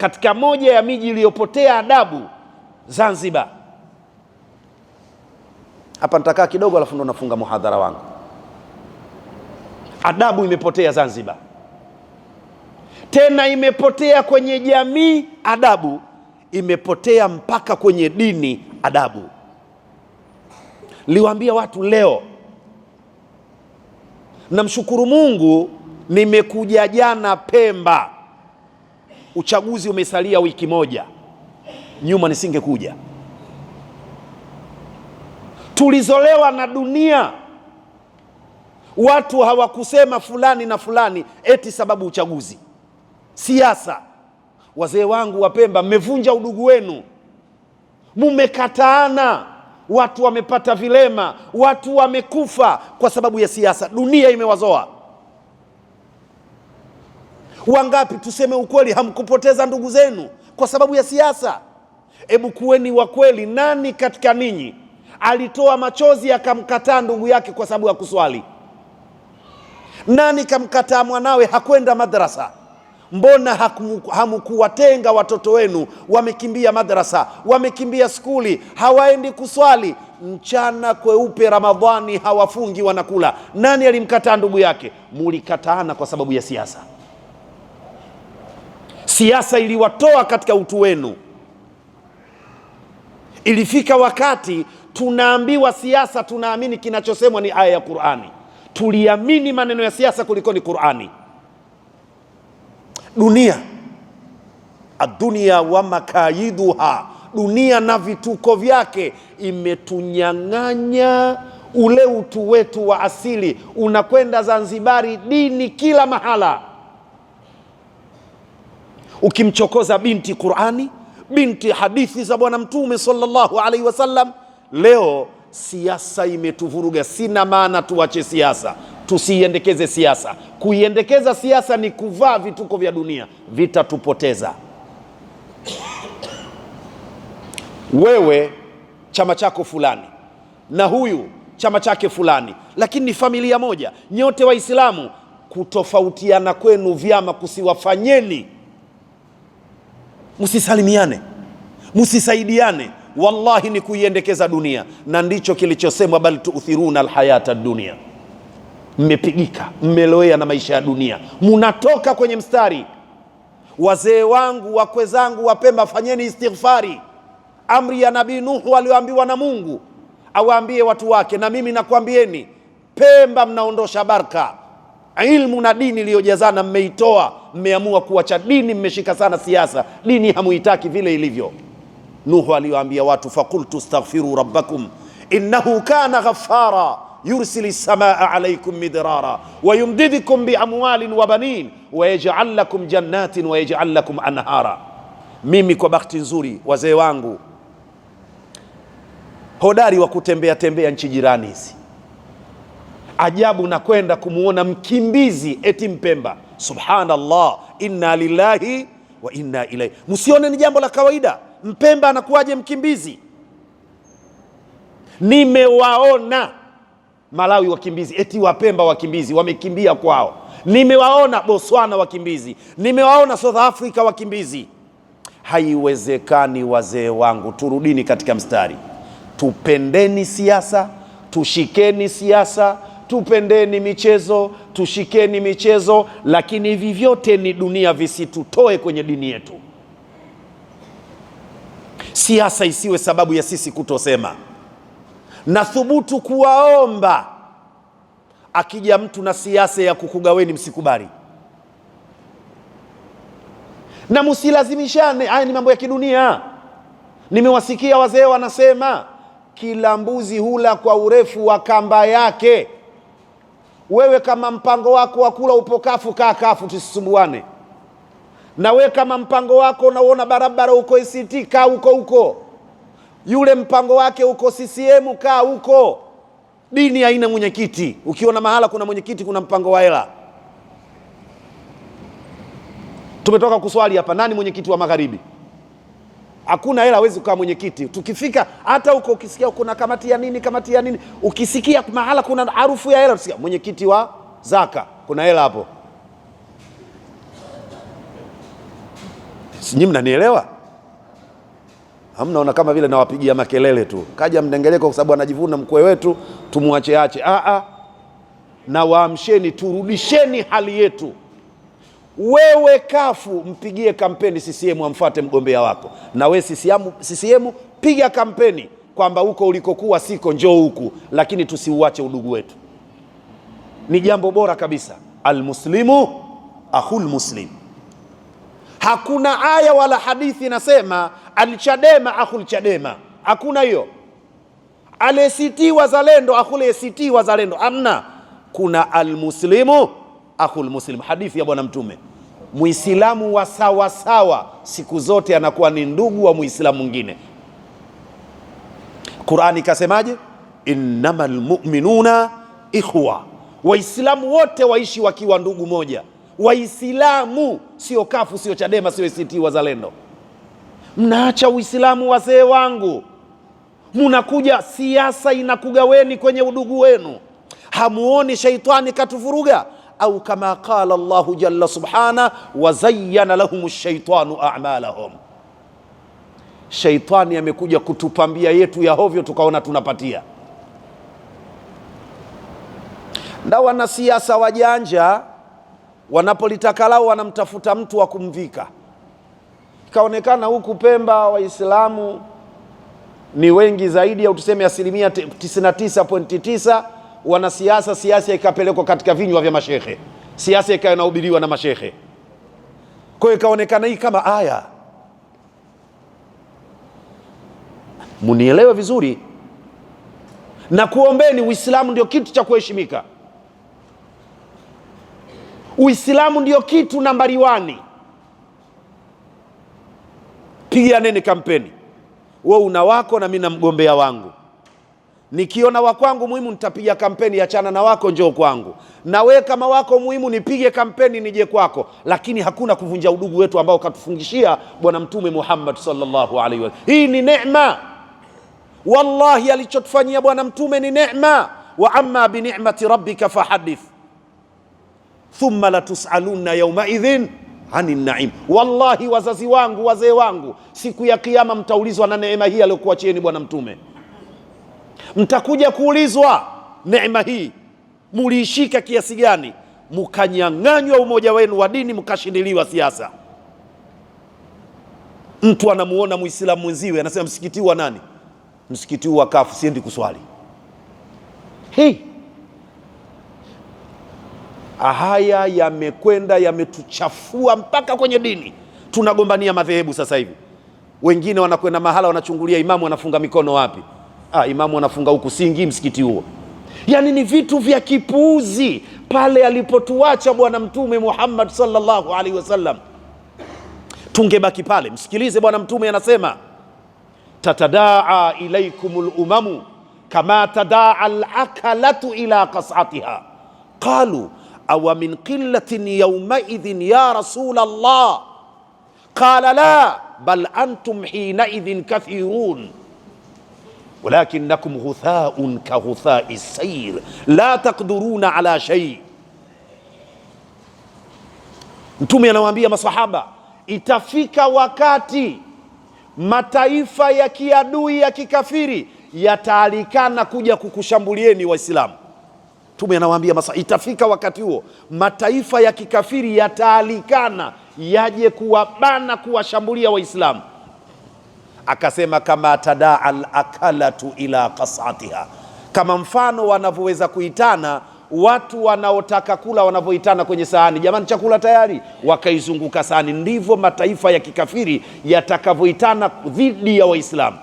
katika moja ya miji iliyopotea adabu Zanzibar. Hapa nitakaa kidogo, alafu ndo nafunga muhadhara wangu. Adabu imepotea Zanzibar, tena imepotea kwenye jamii adabu, imepotea mpaka kwenye dini adabu. Liwaambia watu leo, namshukuru Mungu, nimekuja jana Pemba uchaguzi umesalia wiki moja nyuma, nisingekuja. Tulizolewa na dunia, watu hawakusema fulani na fulani eti sababu uchaguzi, siasa. Wazee wangu wa Pemba, mmevunja udugu wenu, mumekataana, watu wamepata vilema, watu wamekufa kwa sababu ya siasa. Dunia imewazoa. Wangapi tuseme ukweli, hamkupoteza ndugu zenu kwa sababu ya siasa? Hebu kuweni wa kweli. Nani katika ninyi alitoa machozi akamkataa ndugu yake kwa sababu ya kuswali? Nani kamkataa mwanawe hakwenda madrasa? Mbona hamkuwatenga watoto wenu? Wamekimbia madrasa, wamekimbia skuli, hawaendi kuswali, mchana kweupe, Ramadhani hawafungi, wanakula. Nani alimkataa ndugu yake? Mulikataana kwa sababu ya siasa. Siasa iliwatoa katika utu wenu. Ilifika wakati tunaambiwa siasa, tunaamini kinachosemwa ni aya ya Qur'ani. Tuliamini maneno ya siasa kuliko ni Qur'ani. Dunia adunia wa makayiduha, dunia na vituko vyake, imetunyang'anya ule utu wetu wa asili. Unakwenda Zanzibari, dini kila mahala Ukimchokoza binti Qurani, binti hadithi za Bwana Mtume sallallahu alaihi wasallam. Leo siasa imetuvuruga. Sina maana tuache siasa, tusiiendekeze siasa. Kuiendekeza siasa ni kuvaa vituko vya dunia, vitatupoteza. Wewe chama chako fulani na huyu chama chake fulani, lakini ni familia moja, nyote Waislamu. Kutofautiana kwenu vyama kusiwafanyeni msisalimiane, msisaidiane, wallahi ni kuiendekeza dunia, na ndicho kilichosemwa bal tuuthiruna alhayata dunia. Mmepigika, mmeloea na maisha ya dunia, munatoka kwenye mstari. Wazee wangu, wakwe zangu Wapemba, fanyeni istighfari, amri ya Nabii Nuhu aliyoambiwa na Mungu awaambie watu wake, na mimi nakwambieni Pemba mnaondosha baraka ilmu na dini iliyojazana mmeitoa, mmeamua kuacha dini, mmeshika sana siasa. Dini hamuitaki vile ilivyo. Nuhu aliyoambia watu, fakultu staghfiru rabbakum innahu kana ghaffara yursili samaa alaikum midrara yumdidhikum biamwalin wa banin yajal lakum jannatin yajal lakum anhara. Mimi kwa bahati nzuri, wazee wangu hodari wa kutembea tembea nchi jirani hizi ajabu na kwenda kumwona mkimbizi eti Mpemba. Subhanallah, inna lillahi wa inna ilaihi. Msione ni jambo la kawaida. Mpemba anakuwaje mkimbizi? Nimewaona Malawi wakimbizi, eti Wapemba wakimbizi, wamekimbia kwao. Nimewaona Botswana wakimbizi, nimewaona South Africa wakimbizi. Haiwezekani wazee wangu, turudini katika mstari, tupendeni siasa, tushikeni siasa Tupendeni michezo, tushikeni michezo, lakini hivi vyote ni dunia, visitutoe kwenye dini yetu. Siasa isiwe sababu ya sisi kutosema. Na thubutu kuwaomba, akija mtu na siasa ya kukugaweni, msikubali na msilazimishane. Haya ni mambo ya kidunia. Nimewasikia wazee wanasema, kila mbuzi hula kwa urefu wa kamba yake. Wewe kama mpango wako wa kula upo kafu, kaa kafu, tusisumbuane. Na wewe kama mpango wako unauona barabara uko ACT, kaa huko huko. Yule mpango wake uko CCM, kaa huko. Dini haina mwenyekiti. Ukiona mahala kuna mwenyekiti, kuna mpango wa hela. Tumetoka kuswali hapa, nani mwenyekiti wa magharibi? hakuna hela hawezi kukaa mwenyekiti. Tukifika hata huko, ukisikia kuna kamati ya nini, kamati ya nini, ukisikia mahala kuna harufu ya hela, usikia mwenyekiti wa Zaka, kuna hela hapo. Sinyi mnanielewa? Hamnaona kama vile nawapigia makelele tu, kaja mdengeleko kwa sababu anajivuna mkwe wetu, tumwache ache. Ah, na waamsheni, turudisheni hali yetu. Wewe kafu mpigie kampeni CCM, amfuate mgombea wako. Na we CCM, CCM piga kampeni kwamba huko ulikokuwa siko, njoo huku, lakini tusiuache udugu wetu. Ni jambo bora kabisa. Almuslimu akhul muslim. Hakuna aya wala hadithi inasema alchadema akhul chadema, hakuna hiyo. Al ACT Wazalendo akhul ACT Wazalendo, amna. Kuna almuslimu akhul muslim, hadithi ya Bwana Mtume. Muislamu wa sawa sawa siku zote anakuwa ni ndugu wa muislamu mwingine. Qurani ikasemaje? innamal mu'minuna ikhwa, waislamu wote waishi wakiwa ndugu moja. Waislamu sio kafu, sio Chadema, sio ACT Wazalendo. Mnaacha uislamu wazee wangu, munakuja siasa inakugaweni kwenye udugu wenu. Hamuoni shaitani katuvuruga? au kama qala Allahu jalla subhana, zayyana lahum shaitanu a'malahum. Shaitani amekuja kutupambia yetu ya hovyo, tukaona tunapatia. Na wanasiasa wajanja wanapolitaka lao wanamtafuta mtu wa kumvika. Ikaonekana huku Pemba Waislamu ni wengi zaidi, au tuseme asilimia 99.9 wanasiasa, siasa ikapelekwa katika vinywa vya mashehe, siasa ikawa inahubiriwa na mashehe. Kwa hiyo ikaonekana hii kama aya. Munielewe vizuri na kuombeni, Uislamu ndio kitu cha kuheshimika. Uislamu ndio kitu nambari wani. Piganeni kampeni, we una wako na mi na mgombea wangu Nikiona wa kwangu muhimu nitapiga kampeni, achana na wako, njoo kwangu. Na wewe kama wako muhimu, nipige kampeni, nije kwako. Lakini hakuna kuvunja udugu wetu ambao katufungishia Bwana Mtume Muhammad sallallahu alaihi wasallam. Hii ni neema, wallahi, alichotufanyia Bwana Mtume ni neema. Wa amma bi ni'mati rabbika fahadith thumma latusaluna yaumaidhin ani naim. Wallahi, wazazi wangu, wazee wangu, siku ya Kiyama mtaulizwa na neema hii aliyokuachieni Bwana Mtume. Mtakuja kuulizwa neema hii muliishika kiasi gani, mkanyang'anywa umoja wenu wa dini, mkashindiliwa siasa. Mtu anamuona muislamu mwenziwe anasema msikiti wa nani? Msikiti wa kafu, siendi kuswali. hi Haya yamekwenda yametuchafua mpaka kwenye dini, tunagombania madhehebu sasa hivi. Wengine wanakwenda mahala wanachungulia imamu anafunga mikono wapi ah, imamu anafunga huku, singi msikiti huo. Yaani ni vitu vya kipuuzi pale alipotuacha Bwana Mtume Muhammad salllahu alaihi wasallam, tungebaki pale. Msikilize Bwana Mtume anasema, tatadaa ilaikum lumamu kama tadaa lakalatu ila kasatiha qalu awa min qilatin yaumaidhin ya rasul llah qala la bal antum hinaidhin kathirun walakinakum ghuthaun ka sair la taqdiruna ala shay. Mtume anawaambia masahaba, itafika wakati mataifa ya kiadui ya kikafiri yataalikana kuja kukushambulieni Waislamu. Mtume anawaambia masa, itafika wakati huo mataifa ya kikafiri yataalikana yaje kuwabana kuwashambulia Waislamu. Akasema kama tadaa alakalatu ila kasatiha kama mfano wanavyoweza kuitana watu wanaotaka kula wanavyoitana kwenye sahani, jamani, chakula tayari, wakaizunguka sahani. Ndivyo mataifa ya kikafiri yatakavyoitana dhidi ya Waislamu.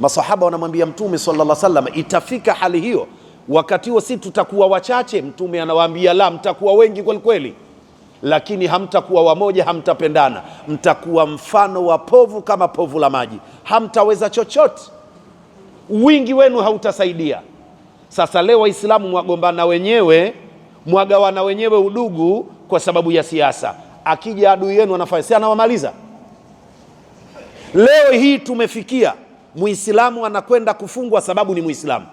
Masahaba wanamwambia Mtume sallallahu alaihi wasallam, itafika hali hiyo, wakati huo si tutakuwa wachache? Mtume anawaambia la, mtakuwa wengi kwelikweli lakini hamtakuwa wamoja, hamtapendana, mtakuwa mfano wa povu kama povu la maji, hamtaweza chochote, wingi wenu hautasaidia. Sasa leo Waislamu mwagombana wenyewe, mwagawana wenyewe udugu kwa sababu ya siasa. Akija adui yenu anafanya si anawamaliza. Leo hii tumefikia Muislamu anakwenda kufungwa sababu ni Muislamu.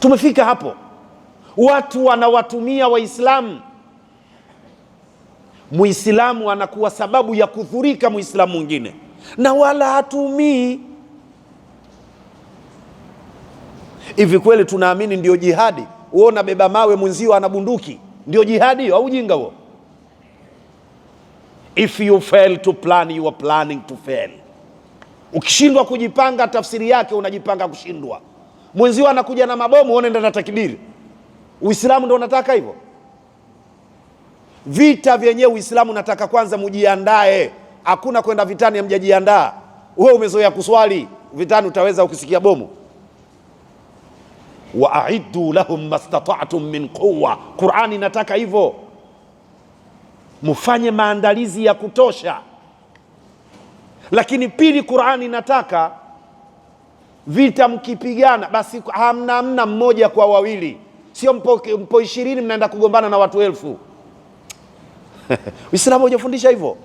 Tumefika hapo watu wanawatumia Waislamu. Muislamu anakuwa sababu ya kudhurika muislamu mwingine, na wala hatumii hivi. Kweli tunaamini ndio jihadi? Wewe unabeba mawe, mwenzio ana bunduki, ndio jihadi hiyo au ujinga huo? If you fail to plan you are planning to fail. Ukishindwa kujipanga, tafsiri yake unajipanga kushindwa. Mwenzio anakuja na mabomu, unaenda na takibiri Uislamu ndo unataka hivyo vita vyenyewe? Uislamu nataka kwanza mujiandae, hakuna kwenda vitani hamjajiandaa. Wewe umezoea kuswali vitani, utaweza ukisikia bomu? wa aiddu lahum mastata'tum min quwwa, Qur'ani nataka hivyo, mufanye maandalizi ya kutosha. Lakini pili, Qur'ani nataka vita mkipigana, basi hamna hamna, mmoja kwa wawili sio mpo, mpo ishirini mnaenda kugombana na watu elfu Uislamu hujafundisha hivyo,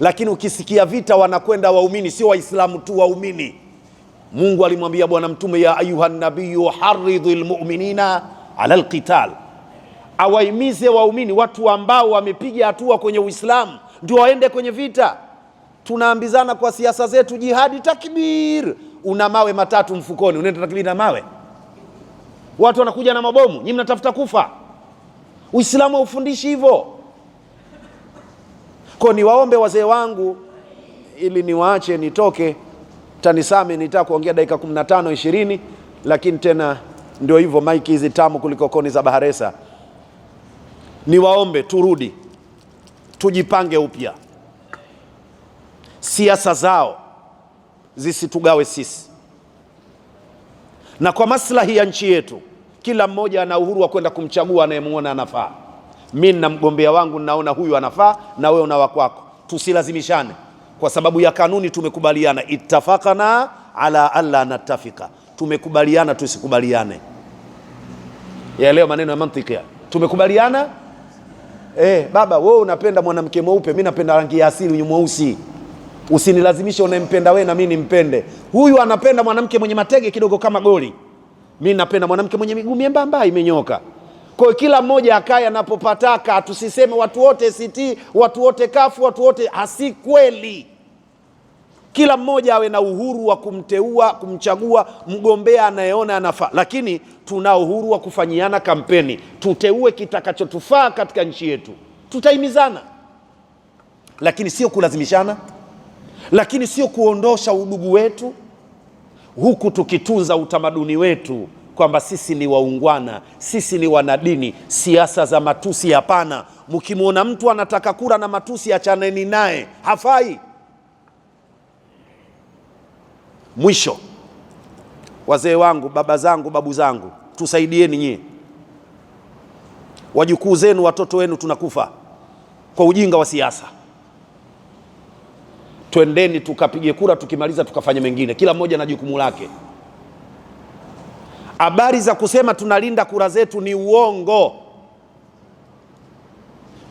lakini ukisikia vita wanakwenda waumini, sio Waislamu tu, waumini. Mungu alimwambia Bwana Mtume, ya ayuha nabiyu haridhu lmuminina ala lqital, awaimize waumini, watu ambao wamepiga hatua kwenye Uislamu ndio waende kwenye vita. Tunaambizana kwa siasa zetu jihadi, takbir, una mawe matatu mfukoni, unaenda takbiri na mawe watu wanakuja na mabomu, nyi mnatafuta kufa. Uislamu haufundishi hivyo. Kwa niwaombe wazee wangu, ili niwaache nitoke tanisame, nitaa kuongea dakika 15 20, lakini tena ndio hivyo, maiki hizi tamu kuliko koni za Baharesa. Niwaombe turudi tujipange upya, siasa zao zisitugawe sisi na kwa maslahi ya nchi yetu. Kila mmoja ana uhuru wa kwenda kumchagua anayemwona anafaa. Mi na mgombea wangu, ninaona huyu anafaa, na wewe una wakwako. Tusilazimishane kwa sababu ya kanuni. Tumekubaliana, ittafaqana ala alla natafika, tumekubaliana tusikubaliane. Yaelewa maneno ya mantiki, tumekubaliana. Eh, baba wewe unapenda mwanamke mweupe, mi napenda rangi ya asili, mweusi Usinilazimishe unampenda wewe na mimi nimpende. Huyu anapenda mwanamke mwenye matege kidogo kama goli, mi napenda mwanamke mwenye miguu miembamba imenyoka. Kwa kila mmoja akaye anapopataka, tusiseme watu wote ACT, watu wote kafu, watu wote asi kweli. Kila mmoja awe na uhuru wa kumteua, kumchagua mgombea anayeona anafaa, lakini tuna uhuru wa kufanyiana kampeni, tuteue kitakachotufaa katika nchi yetu, tutaimizana, lakini sio kulazimishana lakini sio kuondosha udugu wetu, huku tukitunza utamaduni wetu kwamba sisi ni waungwana, sisi ni wanadini. Siasa za matusi hapana. Mkimwona mtu anataka kura na matusi, achaneni naye, hafai. Mwisho, wazee wangu, baba zangu, babu zangu, tusaidieni nyie, wajukuu zenu, watoto wenu tunakufa kwa ujinga wa siasa twendeni tukapige kura, tukimaliza tukafanya mengine. Kila mmoja na jukumu lake. Habari za kusema tunalinda kura zetu ni uongo.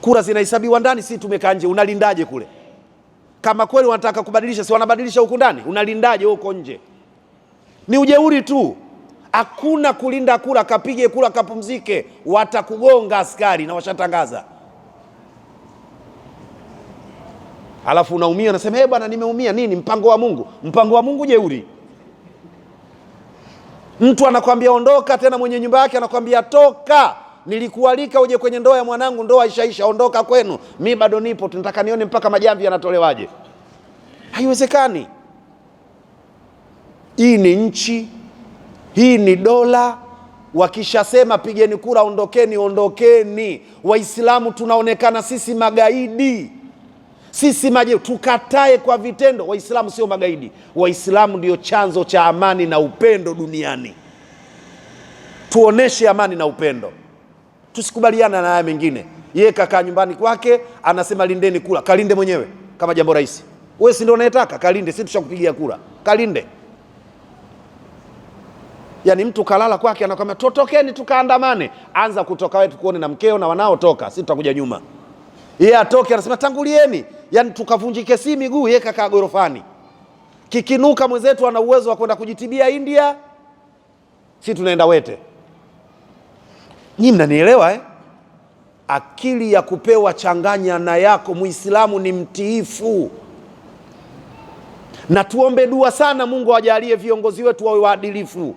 Kura zinahesabiwa ndani, si tumekaa nje. Unalindaje kule? Kama kweli wanataka kubadilisha, si wanabadilisha huku ndani, unalindaje huko nje? Ni ujeuri tu. Hakuna kulinda kura. Kapige kura, kapumzike, watakugonga askari na washatangaza. alafu unaumia unasema, eh bwana, nimeumia nini? Mpango wa Mungu, mpango wa Mungu jeuri. Mtu anakwambia ondoka, tena mwenye nyumba yake anakwambia toka, nilikualika uje kwenye ndoa ya mwanangu, ndoa ishaisha, ondoka kwenu, mi bado nipo, tunataka nione mpaka majamvi yanatolewaje. Haiwezekani. Hii ni nchi, hii ni dola. Wakishasema pigeni kura, ondokeni, ondokeni. Waislamu tunaonekana sisi magaidi. Sisi maje tukatae kwa vitendo. Waislamu sio magaidi. Waislamu ndio chanzo cha amani na upendo duniani. Tuoneshe amani na upendo, tusikubaliana na haya mengine. Yeye kakaa nyumbani kwake anasema lindeni kula kalinde mwenyewe kama jambo rahisi. Wewe si ndio unayetaka kalinde, si tushakupigia kura, kalinde. Yaani mtu kalala kwake anakwambia totokeni tukaandamane. Anza kutoka wetu, kuone na mkeo na wanaotoka, si tutakuja nyuma. Yeye atoke anasema tangulieni, yani tukavunjike si miguu, yeye kakaa gorofani. Kikinuka mwenzetu ana uwezo wa kwenda kujitibia India, si tunaenda Wete. Nyinyi mnanielewa eh? Akili ya kupewa changanya na yako. Muislamu ni mtiifu, na tuombe dua sana. Mungu ajalie viongozi wetu wawe waadilifu.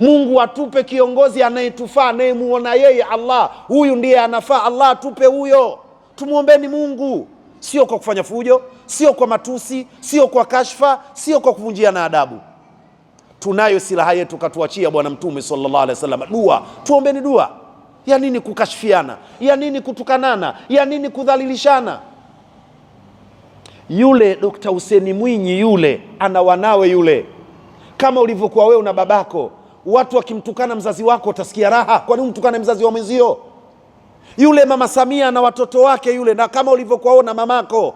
Mungu atupe kiongozi anayetufaa, anayemuona yeye Allah, huyu ndiye anafaa. Allah atupe huyo tumwombeni Mungu, sio kwa kufanya fujo, sio kwa matusi, sio kwa kashfa, sio kwa kuvunjia na adabu. Tunayo silaha yetu katuachia Bwana Mtume sallallahu alaihi wasallam, dua. Tuombeni dua. Ya nini kukashfiana? Ya nini kutukanana? Ya nini kudhalilishana? Yule Dokta Huseni Mwinyi yule ana wanawe yule, kama ulivyokuwa wewe una babako. Watu wakimtukana mzazi wako utasikia raha? Kwa nini umtukane mzazi wa mwenzio? Yule mama Samia na watoto wake yule, na kama ulivyokuwaona mamako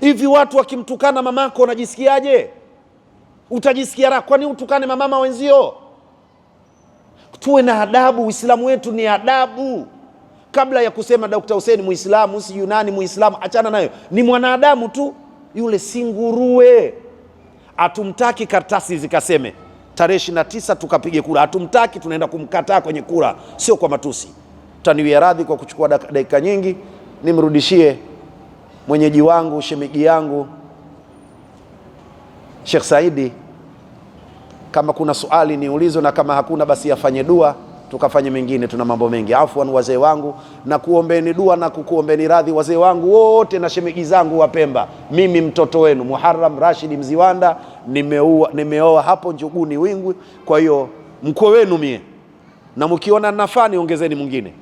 hivi, watu wakimtukana mamako unajisikiaje? Utajisikia raha? Kwani utukane mamama wenzio? Tuwe na adabu. Uislamu wetu ni adabu. Kabla ya kusema dokta Hussein Muislamu, sijui nani Muislamu, achana nayo, ni mwanadamu tu yule, singurue Hatumtaki kartasi zikaseme tarehe 29 tukapige kura, hatumtaki. Tunaenda kumkataa kwenye kura, sio kwa matusi taniwie radhi kwa kuchukua dakika nyingi, nimrudishie mwenyeji wangu shemigi yangu Sheikh Saidi, kama kuna swali niulizwe, na kama hakuna basi afanye dua tukafanye mengine. Tuna mambo mengi. Afwan wazee wangu, na kuombeni dua na kukuombeni radhi wazee wangu wote na shemeji zangu wa Pemba. Mimi mtoto wenu Muharram rashid Mziwanda nimeoa, nimeoa hapo Njuguni Wingwi. Kwa hiyo mkwe wenu mie, na mkiona nafani ongezeni mwingine.